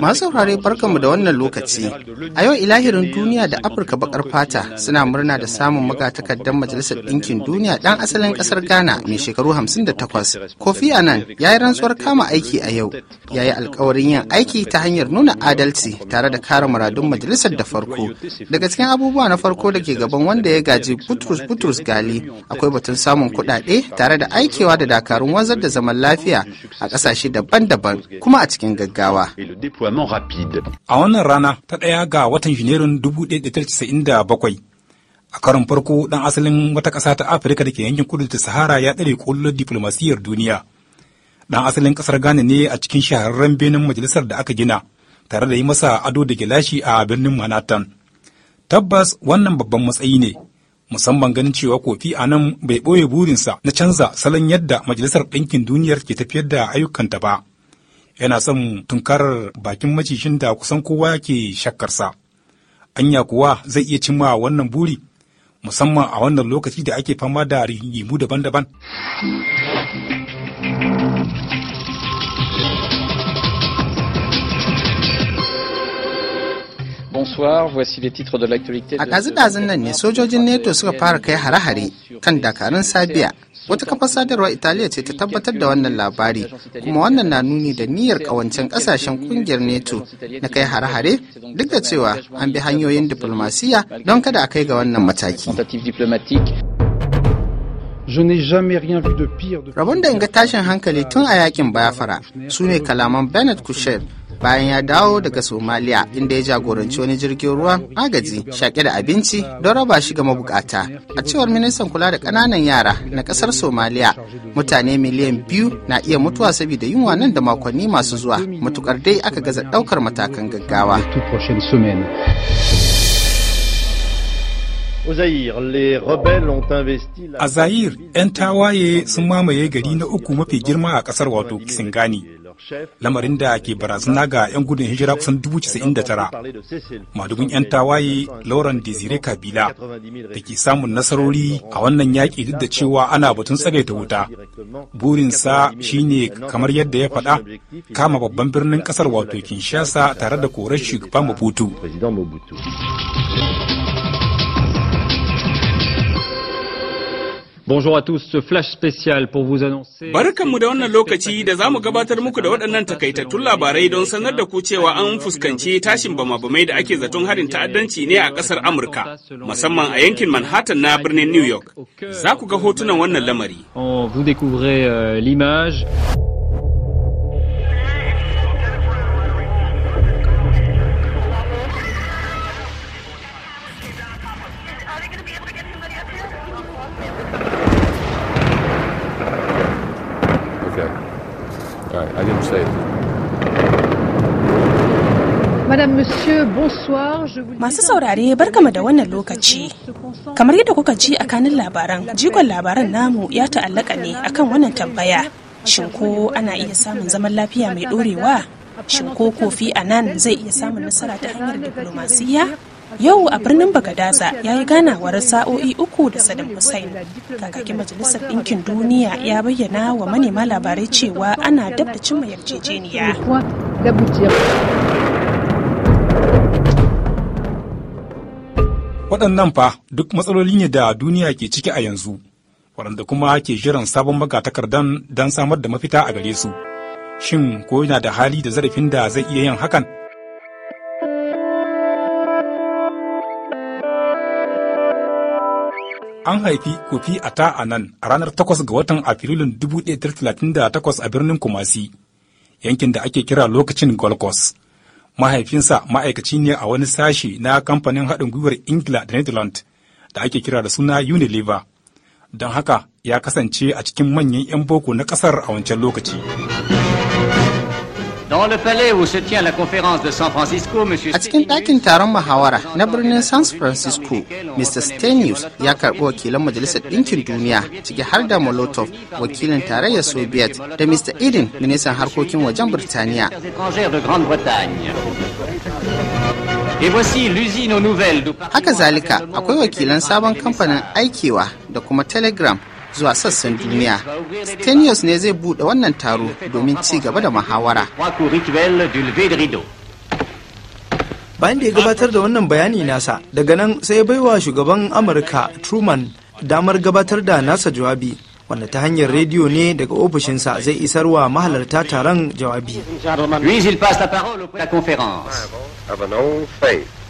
Masu saurare barkanmu da wannan lokaci. A yau ilahirin duniya da Afirka bakar fata suna murna da samun magatakardar Majalisar Ɗinkin Duniya ɗan asalin ƙasar Ghana mai shekaru 58. Kofi Annan ya yi rantsuwar kama aiki a yau. Ya yi alkawarin yin aiki ta hanyar nuna adalci tare da kare muradun majalisar da farko. Daga cikin abubuwa na farko da ke gaban wanda ya gaji Butrus Butrus Gali akwai batun samun kuɗaɗe tare da aikewa da dakarun wanzar da zaman lafiya a ƙasashe daban-daban kuma a cikin gaggawa. A wannan rana ta ɗaya ga watan Janairun 1997 a karon farko ɗan asalin wata ƙasa ta Afirka da ke yankin kudu da Sahara ya ɗare ƙullar diflomasiyyar duniya. Ɗan asalin ƙasar Ghana ne a cikin shahararren benin majalisar da aka gina tare da yi masa ado da gilashi a birnin Manhattan. Tabbas wannan babban matsayi ne musamman ganin cewa kofi a nan bai ɓoye burinsa na canza salon yadda majalisar ɗinkin duniyar ke tafiyar da ayyukanta ba yana son tunkarar bakin macishin da kusan kowa ke shakkarsa. Anya kuwa zai iya cimma wannan buri, musamman a wannan lokaci da ake fama da rigimu daban-daban. A ɗazu nan ne sojojin NATO suka fara kai hare-hare kan dakarun Sabiya. Wata kafar sadarwar Italiya ce ta tabbatar da wannan labari, kuma wannan na nuni da niyyar ƙawancen ƙasashen ƙungiyar NATO na kai hare-hare duk da cewa an bi hanyoyin diplomasiya don kada a kai ga wannan mataki. Rabon da inga tashin hankali tun a yakin fara su ne kalaman Bernard Kushner bayan ya dawo daga Somalia inda ya jagoranci wani jirgin ruwa agaji shaƙe da abinci don raba shi ga mabukata. A cewar ministan kula da ƙananan yara na ƙasar Somaliya, mutane miliyan biyu na iya mutuwa saboda yunwa nan da makonni masu zuwa matukar dai aka gaza ɗaukar matakan gaggawa. A Zahir, 'yan tawaye sun mamaye gari na uku mafi girma a ƙasar wato Kisangani. lamarin da ke barazana ga 'yan gudun hijira kusan 99,000 madubin 'yan tawaye lauren desire kabila da ke samun nasarori a wannan yaƙi duk da cewa ana batun tsagaita wuta burinsa shine kamar yadda ya faɗa kama babban birnin ƙasar wato kinshasa tare da korar shugaba Bonjour à tous, ce flash spécial pour vous annoncer. Barkanmu da wannan lokaci da za mu gabatar muku da waɗannan takaitattun labarai don sanar da ku cewa an fuskanci tashin bama-bamai da ake zaton harin ta'addanci ne a ƙasar Amurka, musamman a yankin Manhattan na birnin New York. Za ku ga hotunan wannan lamari. Masu saurare barkama da wannan lokaci. Kamar yadda kuka ji a kanin labaran, jikon labaran namu ya ta'allaka ne akan wannan tambaya. Shin ko ana iya samun zaman lafiya mai ɗorewa? Shin ko kofi a nan zai iya samun nasara ta hanyar diflomasiyya Yau a birnin Bagadaza ya yi ganawar sa'o'i uku da Saddam Hussein. Kakakin Majalisar Ɗinkin Duniya ya bayyana wa manema labarai cewa ana dab da cimma yarjejeniya. waɗannan fa duk matsaloli ne da duniya ke ciki a yanzu waɗanda kuma ke jiran sabon magatakardan don samar da mafita a gare su shin ko yana da hali da zarafin da zai iya yin hakan an haifi kofi a ta a nan a ranar 8 ga watan afrilun takwas a birnin kumasi yankin da ake kira lokacin golkos. mahaifinsa ma'aikaci ne a wani sashi na kamfanin haɗin gwiwar ingila da netherland da ake kira da suna unilever don haka ya kasance a cikin manyan 'yan boko na ƙasar a wancan lokaci. A cikin ɗakin taron muhawara na birnin San Francisco, Mr. Stenius ya karɓi wakilan Majalisar Ɗinkin Duniya ciki har da Molotov, wakilin tarayyar Soviet, da Mr. Eden, ministan harkokin wajen Birtaniya. Haka zalika akwai wakilan sabon kamfanin aikewa da kuma Telegram zuwa sassan duniya. Stenius ne zai buɗe wannan taro domin ci gaba da muhawara. Bayan da ya gabatar da wannan bayani nasa, daga nan sai ya baiwa shugaban Amurka Truman damar gabatar da nasa jawabi, wanda ta hanyar rediyo ne daga ofishinsa zai isar wa mahalarta taron jawabi.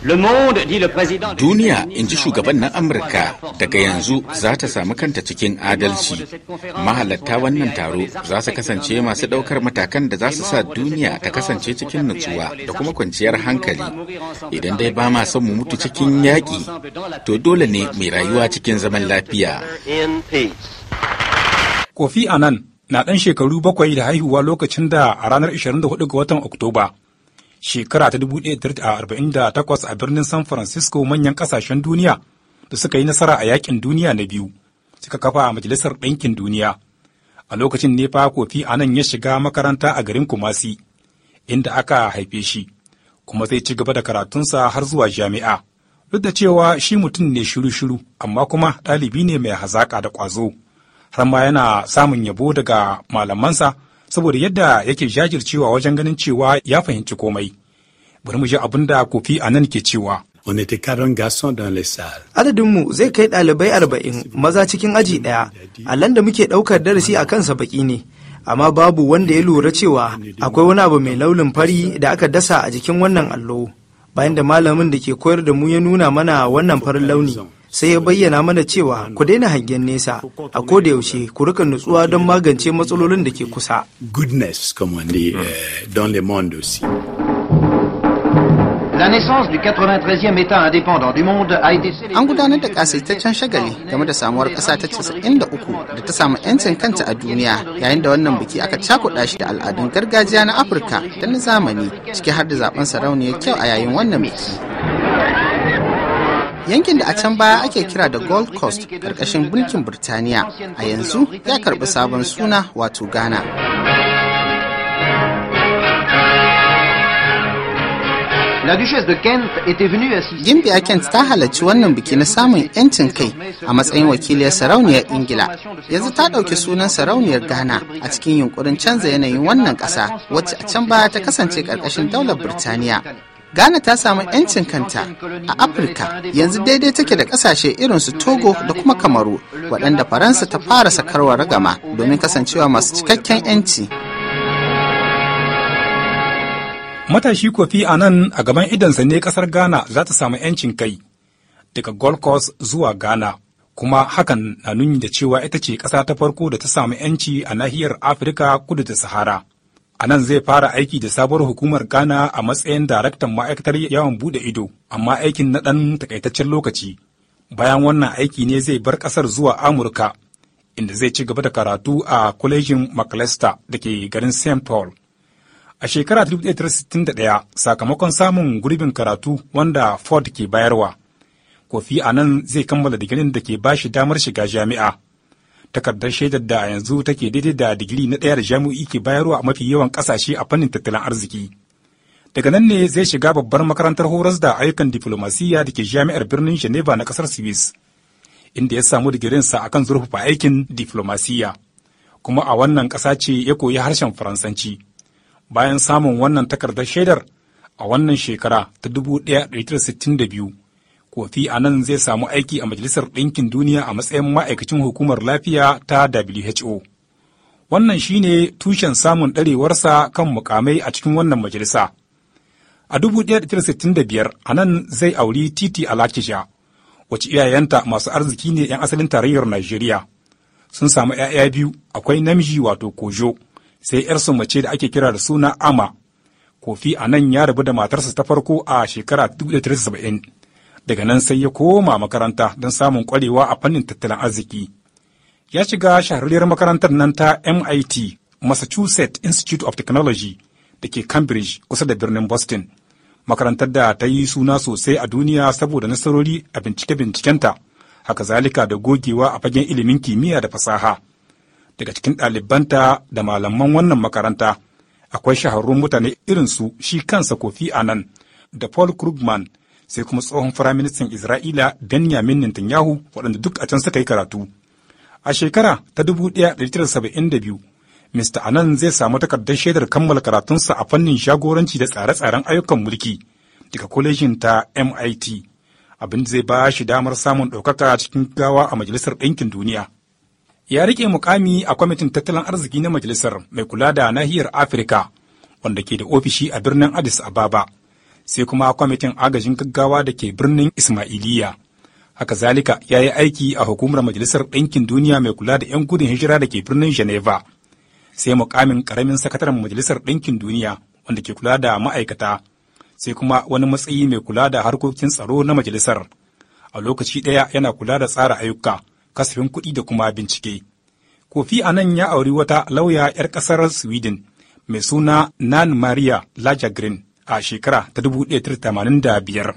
Duniya, in ji shugaban na Amurka, daga yanzu za ta samu kanta cikin adalci. Mahalatta wannan taro za su kasance masu ɗaukar matakan da za su sa duniya ta kasance cikin nutsuwa da kuma kwanciyar hankali. Idan dai ba ma son mu mutu cikin yaƙi, to dole ne mai rayuwa cikin zaman lafiya. Kofi Anan na ɗan shekaru bakwai da haihuwa lokacin da a ranar 24 ga watan Oktoba. shekara ta 1948 a birnin San Francisco manyan kasashen duniya da suka yi nasara a yakin duniya na biyu suka kafa a Majalisar Ɗinkin Duniya. A lokacin ne fa Kofi nan ya shiga makaranta a garin Kumasi inda aka haife shi kuma zai ci gaba da karatunsa har zuwa jami'a. Duk da cewa shi mutum ne shiru-shiru amma kuma ɗalibi ne mai hazaƙa da ƙwazo har ma yana samun yabo daga malamansa saboda yadda yake jajircewa wajen ganin cewa ya fahimci komai. Bari mu ji abin da Kofi a nan ke cewa. Adadinmu zai kai ɗalibai arba'in maza cikin aji ɗaya. Allon da muke ɗaukar darasi a kansa baƙi ne. Amma babu wanda ya lura cewa akwai wani abu mai launin fari da aka dasa a jikin wannan allo. Bayan da malamin da ke koyar da mu ya nuna mana wannan farin launi. sai ya bayyana mana cewa ku daina hangen nesa a koda yaushe ku rika nutsuwa don magance matsalolin da ke kusa. Goodness, comme on mm. euh, le monde aussi. An gudanar da ƙasaitaccen shagali game da samuwar ƙasa ta 93 da ta samu 'yancin kanta a duniya yayin da wannan biki aka cakuɗa shi da al'adun gargajiya na Afirka da na zamani ciki har da zaben sarauniyar kyau a yayin wannan biki. yankin da a can baya ake kira da gold coast karkashin bulkin birtaniya a yanzu ya karbi sabon suna wato ghana Gimbiya Kent ta halarci wannan biki na samun 'yancin kai a matsayin wakiliyar sarauniyar Ingila. Yanzu ta ɗauki sunan sarauniyar Ghana a cikin yunkurin canza yanayin wannan ƙasa wacce a can baya ta kasance ƙarƙashin daular Birtaniya. Ghana ta samu 'yancin kanta a Afirka yanzu daidai take da kasashe irin su Togo da kuma Kamaru waɗanda Faransa ta fara sakarwa ragama domin kasancewa masu cikakken 'yanci. Matashi Kofi a nan a gaban idansa ne ƙasar Ghana za ta samu 'yancin kai daga Gold Coast zuwa Ghana. Kuma hakan na nuni da cewa ita ce ƙasa ta farko da ta samu 'yanci a nahiyar Afirka kudu da Sahara. A nan zai fara aiki da sabuwar hukumar Ghana a matsayin daraktan ma'aikatar yawon bude ido, amma aikin na ɗan takaitaccen lokaci. Bayan wannan aiki ne zai bar ƙasar zuwa Amurka, inda zai ci gaba da karatu a kwalejin McAllister da ke garin St. Paul. A shekara 1961, sakamakon samun gurbin karatu wanda Ford ke bayarwa, Kofi a nan zai kammala digirin da ke bashi damar shiga jami'a. takardar shaidar da yanzu take daidai da digiri na ɗaya da jami'o'i ke bayarwa a mafi yawan ƙasashe a fannin tattalin arziki daga nan ne zai shiga babbar makarantar horas da ayyukan diflomasiyya da ke jami'ar birnin geneva na ƙasar swiss inda ya samu digirinsa akan zurfafa aikin diflomasiyya kuma a wannan ƙasa ce ya koyi harshen faransanci bayan samun wannan takardar shaidar a wannan shekara ta da biyu. Kofi anan zai samu aiki a Majalisar Ɗinkin Duniya a matsayin ma'aikacin hukumar lafiya ta WHO. Wannan shi ne tushen samun ɗarewarsa kan mukamai a cikin wannan majalisa. A 1965 nan zai auri Titi Alakisha, wacce iyayenta masu arziki ne 'yan asalin tarayyar Najeriya. Sun samu 'ya'ya biyu, akwai namiji wato Kojo, sai 'yarsu mace da ake kira da suna Ama. Kofi anan ya rabu da matarsa ta farko a shekara 1970. daga nan sai ya koma makaranta don samun kwarewa a fannin tattalin arziki. Ya shiga shahararriyar makarantar nan ta MIT, Massachusetts Institute of Technology da ke Cambridge kusa da birnin Boston. Makarantar da ta yi suna sosai a duniya saboda nasarori a bincike-bincikenta, haka zalika da gogewa a fagen ilimin kimiyya da fasaha. Daga cikin ɗalibanta da malaman wannan makaranta, akwai shahararrun mutane irinsu shi kansa Kofi Annan da Paul Krugman sai kuma tsohon firaministan Isra'ila Benjamin Netanyahu waɗanda duk a can suka yi karatu. A shekara ta da biyu Mr. Anan zai samu takardar shaidar kammala karatunsa a fannin shagoranci da tsare-tsaren ayyukan mulki daga kwalejin ta MIT, abin zai ba shi damar samun ɗaukaka cikin gawa a Majalisar Ɗinkin Duniya. Ya riƙe mukami a kwamitin tattalin arziki na majalisar mai kula da nahiyar Afirka, wanda ke da ofishi a birnin Addis Ababa. sai kuma kwamitin agajin gaggawa da ke birnin Ismailiya. Haka zalika ya yi aiki a hukumar Majalisar Ɗinkin Duniya mai kula da 'yan gudun hijira da ke birnin Geneva. Sai mukamin ƙaramin sakataren Majalisar Ɗinkin Duniya wanda ke kula da ma'aikata. Sai kuma wani matsayi mai kula da harkokin tsaro na majalisar. A lokaci ɗaya yana kula da tsara ayyuka, kasafin kuɗi da kuma bincike. Kofi Anan ya auri wata lauya 'yar ƙasar Sweden mai suna Nan Maria Lagergren. a shekara ta 1985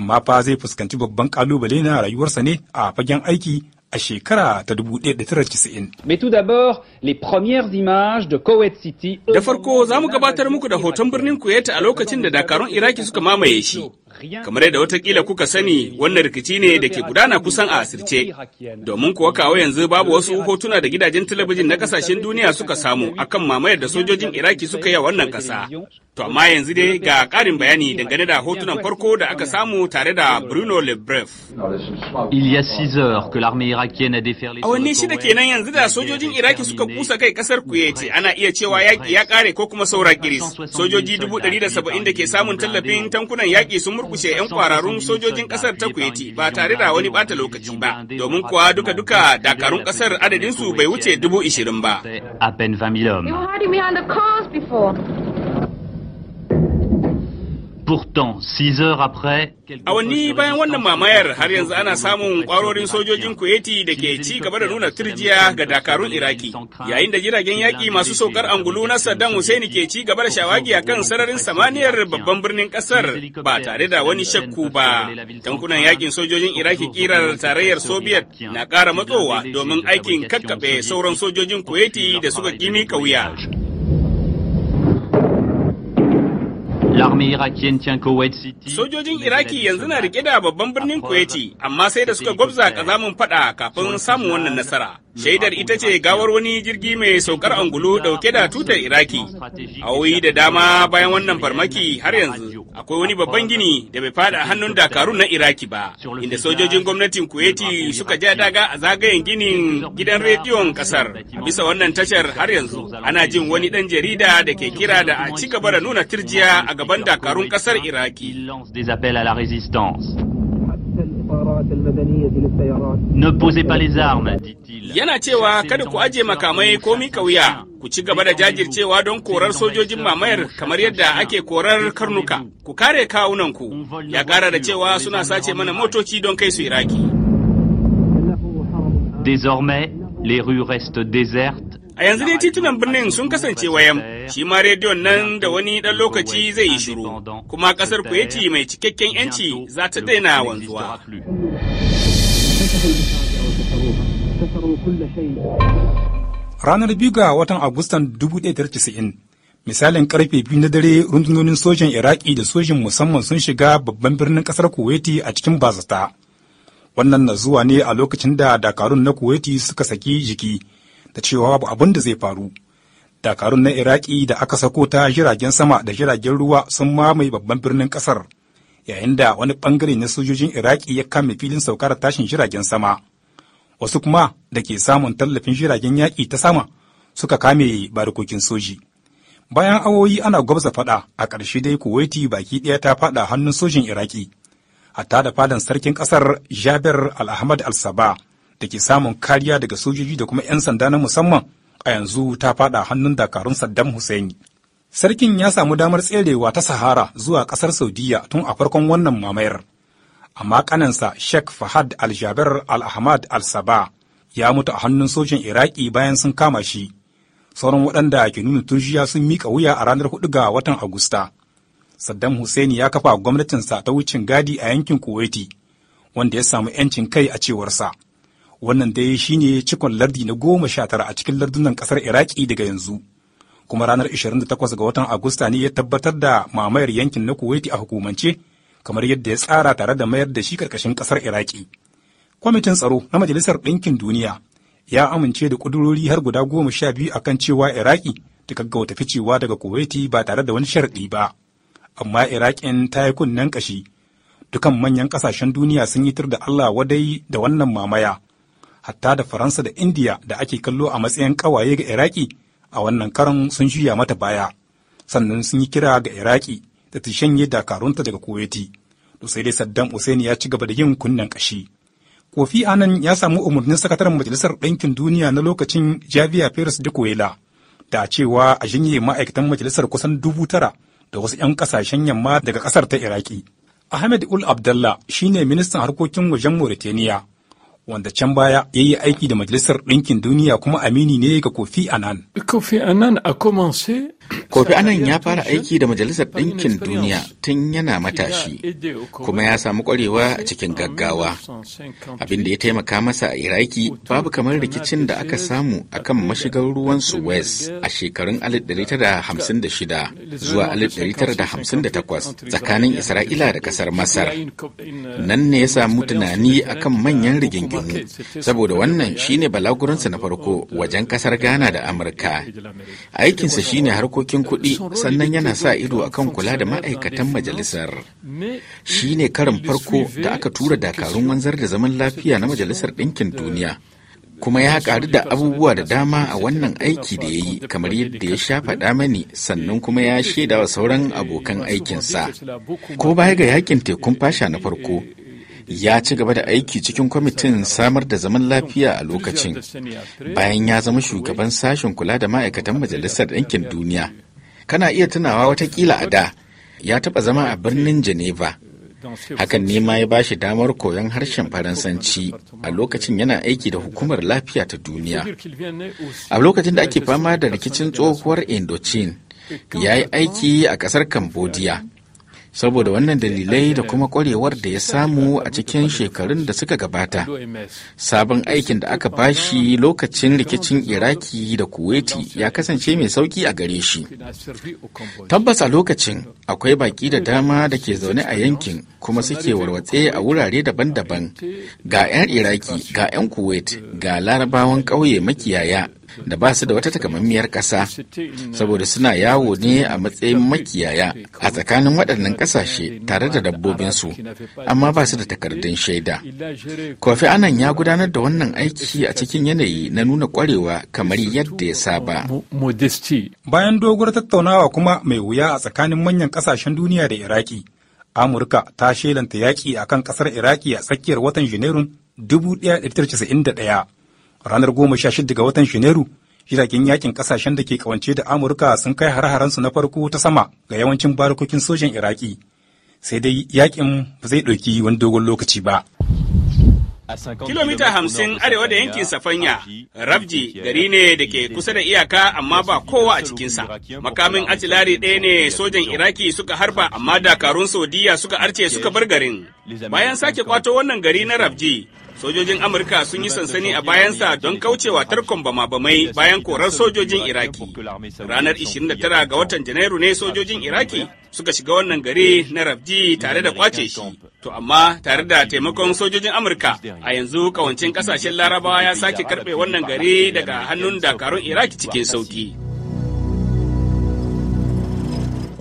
amma fa zai fuskanci babban kalubale na rayuwarsa ne a fagen aiki a shekara ta 1990. Mais tout d'abord, les premières images de Kuwait City. Da farko za mu gabatar muku da hoton birnin Kuwait a lokacin da dakarun Iraki suka mamaye shi. Kamar yadda watakila kuka sani wannan rikici ne da ke gudana kusan a asirce, domin kuwa kawo yanzu babu wasu hotuna da gidajen talabijin na kasashen duniya suka samu akan mamayar da sojojin Iraki suka yi a wannan kasa. To amma yanzu dai ga ƙarin bayani dangane da hotunan farko da aka samu tare da Bruno Lebrev. Il y a 6 heures que l'armée Awanni shida kenan yanzu da sojojin Iraki suka kusa kai kasar Kuwaiti ana iya cewa yaƙi ya kare ko kuma saura giris Sojoji dubu ɗari da saba'in da ke samun tallafin tankunan yaƙi sun murkushe 'yan kwararrun sojojin ƙasar ta Kuwaiti ba tare da wani bata lokaci ba. Domin kuwa duka-duka dakarun ƙasar adadinsu bai wuce dubu ishirin ba. Awanni bayan wannan mamayar har yanzu ana samun kwarorin sojojin Kuwaiti da ke ci gaba da nuna turjiya ga dakarun Iraki. Yayin da jiragen yaƙi masu saukar angulu na Saddam Hussein ke ci gaba da shawagi a kan sararin samaniyar babban birnin ƙasar ba tare da wani shakku ba. Tankunan yaƙin sojojin Iraki kirar tarayyar Soviet na ƙara matsowa domin aikin kakkaɓe sauran sojojin Kuwaiti da suka ƙi kauya. Sojojin Iraki yanzu na rike da babban birnin Kuwaiti, amma sai da suka gwabza kazamin fada kafin samun wannan nasara. Shaidar ita ce gawar wani jirgi mai saukar angulu dauke da tutar Iraki. wuyi da dama bayan wannan farmaki har yanzu akwai wani babban gini da bai fada a hannun dakarun na Iraki ba, inda sojojin gwamnatin Kuwaiti suka ja daga a zagayen ginin gidan rediyon kasar. Bisa wannan tashar har yanzu ana jin wani dan jarida da ke kira da a ci gaba da nuna tirjiya a gaban da dakarun kasar Iraki. Ne posez pas les armes, dit-il. Yana cewa kada ku aje makamai ko mika wuya, ku ci gaba da jajircewa don korar sojojin mamayar kamar yadda ake korar karnuka. Ku kare kawunanku, ya kara da cewa suna sace mana motoci don kai su Iraki. Désormais, les rues restent désertes A yanzu dai titunan birnin sun kasance wayam, shi ma rediyon nan da wani ɗan lokaci zai yi shiru, kuma ƙasar Kuwaiti mai cikakken 'yanci za ta daina wanzuwa. Ranar biyu ga watan Agustan 1990, misalin karfe biyu na dare rundunonin sojan Iraki da sojin musamman sun shiga babban birnin kasar Kuwaiti a cikin bazata. Wannan na zuwa ne a lokacin da dakarun na Kuwaiti suka saki jiki da cewa babu abin da zai faru dakarun na iraki da aka sako ta jiragen sama da jiragen ruwa sun mamaye babban birnin kasar yayin da wani bangare na sojojin iraki ya kame filin saukar tashin jiragen sama wasu kuma da ke samun tallafin jiragen yaƙi ta sama suka kame barikokin soji bayan awoyi ana gwabza fada a ƙarshe dai kuwaiti baki ɗaya ta fada hannun sojin iraki hatta da fadan sarkin ƙasar jabir al-ahmad al-saba da ke samun kariya daga sojoji da kuma 'yan sanda na musamman a yanzu ta fada hannun dakarun Saddam Hussein. Sarkin ya samu damar tserewa ta Sahara zuwa ƙasar Saudiya tun a farkon wannan mamayar. Amma ƙanansa Sheikh Fahad al jaber Al-Ahmad Al-Saba ya mutu a hannun sojin Iraki bayan sun kama shi. Sauran waɗanda ke nuna turjiya sun miƙa wuya a ranar 4 ga watan Agusta. Saddam Hussein ya kafa gwamnatinsa ta wucin gadi a yankin Kuwaiti, wanda ya samu 'yancin kai a cewarsa. Wannan dai shine cikon lardi na goma sha tara a cikin lardunan ƙasar Iraki daga yanzu. Kuma ranar 28 ga watan Agusta ne ya tabbatar da mamayar yankin na Kuwaiti a hukumance, kamar yadda ya tsara tare da mayar da shi ƙarƙashin ƙasar Iraki. Kwamitin tsaro na Majalisar Ɗinkin Duniya ya amince da ƙudurori har guda goma sha biyu a kan cewa Iraki ta gaggauta ficewa daga Kuwaiti ba tare da wani sharɗi ba. Amma Iraƙin ta yi kunnen ƙashi. Dukan manyan ƙasashen duniya sun yi tur da Allah wadai da wannan mamaya. hatta da Faransa da Indiya da ake kallo a matsayin ƙawaye ga Iraki a wannan karan sun shirya mata baya, sannan sun yi kira ga Iraki da ta shanye dakarunta daga Kuwaiti. To sai dai Saddam Hussein ya ci gaba da yin kunnen kashi Kofi Annan ya samu umarnin sakataren Majalisar Ɗinkin Duniya na lokacin Javier Perez de Coelho da cewa a jinye ma'aikatan majalisar kusan dubu tara da wasu 'yan ƙasashen yamma daga ƙasar ta Iraki. Ahmed Ul Abdallah shine ministan harkokin wajen Mauritania wanda can baya ya yi aiki da Majalisar Ɗinkin Duniya kuma amini ne ga Kofi Annan. Kofi Annan a Kofi Annan ya fara aiki da Majalisar Ɗinkin Duniya tun yana matashi, kuma ya samu ƙwarewa cikin gaggawa. Abin da ya taimaka masa a Iraki babu kamar rikicin da aka samu akan mashigar ruwan Suez a shekarun 1956 zuwa 1958 tsakanin Isra'ila da ƙasar Masar. Nan ne ya samu tunani akan manyan rigingimu saboda wannan shine balagurinsa na farko wajen kasar ghana da amurka aikinsa shine harkokin kuɗi sannan yana sa ido akan kula da ma'aikatan majalisar shine karin farko da aka tura dakarun wanzar da zaman lafiya na majalisar ɗinkin duniya kuma ya karu da abubuwa da dama a wannan aiki da ya yi kamar yadda ya sha faɗa mani sannan kuma ya shaida wa sauran abokan aikinsa ko baya ga yakin tekun fasha na farko ya ci gaba da aiki cikin kwamitin samar da zaman lafiya a lokacin bayan ya zama shugaban sashen kula da ma'aikatan majalisar ɗinkin duniya kana iya tunawa watakila a da ya taɓa zama a birnin geneva hakan ne ma ya ba shi damar koyon harshen faransanci a lokacin yana aiki da hukumar lafiya ta duniya a lokacin da ake fama da rikicin tsohuwar indochine ya yi aiki a ƙasar cambodia saboda wannan dalilai da kuma kwarewar da ya samu a cikin shekarun da suka gabata sabon aikin da aka bashi lokacin rikicin iraki da kuwaiti ya kasance mai sauki a gare shi tabbas a lokacin akwai baki da dama da ke zaune a yankin kuma suke warwatse a wurare daban-daban ga 'yan iraki ga 'yan kuwait ga larabawan ƙauye makiyaya da ba su da wata takamammiyar ƙasa saboda suna yawo ne a matsayin makiyaya a tsakanin waɗannan ƙasashe tare da dabbobinsu amma ba su da takardun shaida kofi anan ya gudanar da wannan aiki a cikin yanayi na nuna ƙwarewa kamar yadda ya saba bayan doguwar tattaunawa kuma mai wuya a tsakanin manyan ƙasashen duniya da iraki amurka ta shelanta yaƙi akan ƙasar iraki a tsakiyar watan janairun 1991 Ranar goma sha shida ga watan Janairu, jiragen yakin kasashen da ke kawance da Amurka sun kai har haransu na farko ta sama ga yawancin barkokin sojan Iraki. Sai dai yakin ba zai ɗauki wani dogon lokaci ba. Kilomita hamsin arewa da yankin Safanya, Rabji gari ne da ke kusa da iyaka amma ba kowa a cikinsa. Makamin atilari ɗaya ne sojan Iraki suka harba amma dakarun Saudiya suka arce suka bar garin. Bayan sake kwato wannan gari na Rabji, sojojin amurka sun yi sansani a bayansa don kaucewa tarkon bama-bamai bayan korar sojojin iraki ranar 29 ga watan janairu ne sojojin iraki suka shiga wannan gari na rabji tare da kwace shi to amma tare da taimakon sojojin amurka a yanzu kawancin kasashen larabawa ya sake karbe wannan gari daga hannun dakarun iraki cikin sauki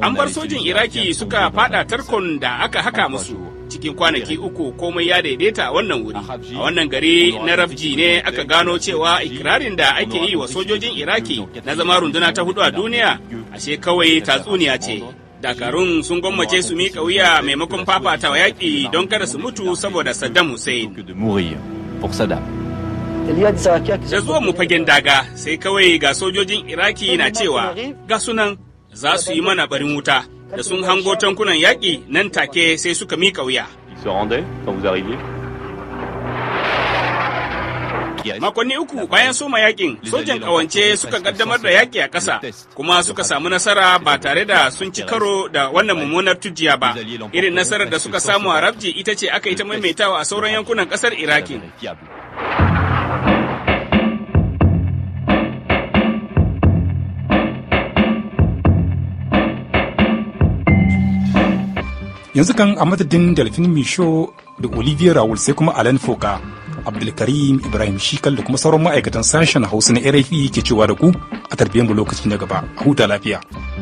an bar sojin iraki suka fada tarkon da aka haka musu cikin kwanaki uku komai ya daidaita a wannan wuri a wannan gari na rafji ne aka gano cewa ikirarin da ake yi wa sojojin iraki na zama runduna ta hudu a duniya ashe kawai tatsuniya ce dakarun sun gwammace su miƙa wuya maimakon fafatawa yaƙi don kada su mutu saboda saddam hussein da zuwan mu fagen daga sai kawai ga sojojin iraki na cewa ga sunan za su yi mana barin wuta da sun hango tankunan yaƙi nan take sai suka miƙa wuya. Makonni uku bayan soma yaƙin sojan ƙawance suka kaddamar da yaƙi a ƙasa, kuma suka samu nasara ba tare da sun ci karo da wannan mummunar tujiya ba. Irin nasarar da suka samu a Rabji ita ce aka yi ta maimaitawa a sauran yankunan ƙasar Iraki. yanzu kan a madadin delphine misho da olivier raul sai kuma alan foka abdulkarim ibrahim shikal da kuma sauran ma'aikatan sashen hausa na rfi ke cewa da ku a tarbiyyar mu lokaci na gaba a huta lafiya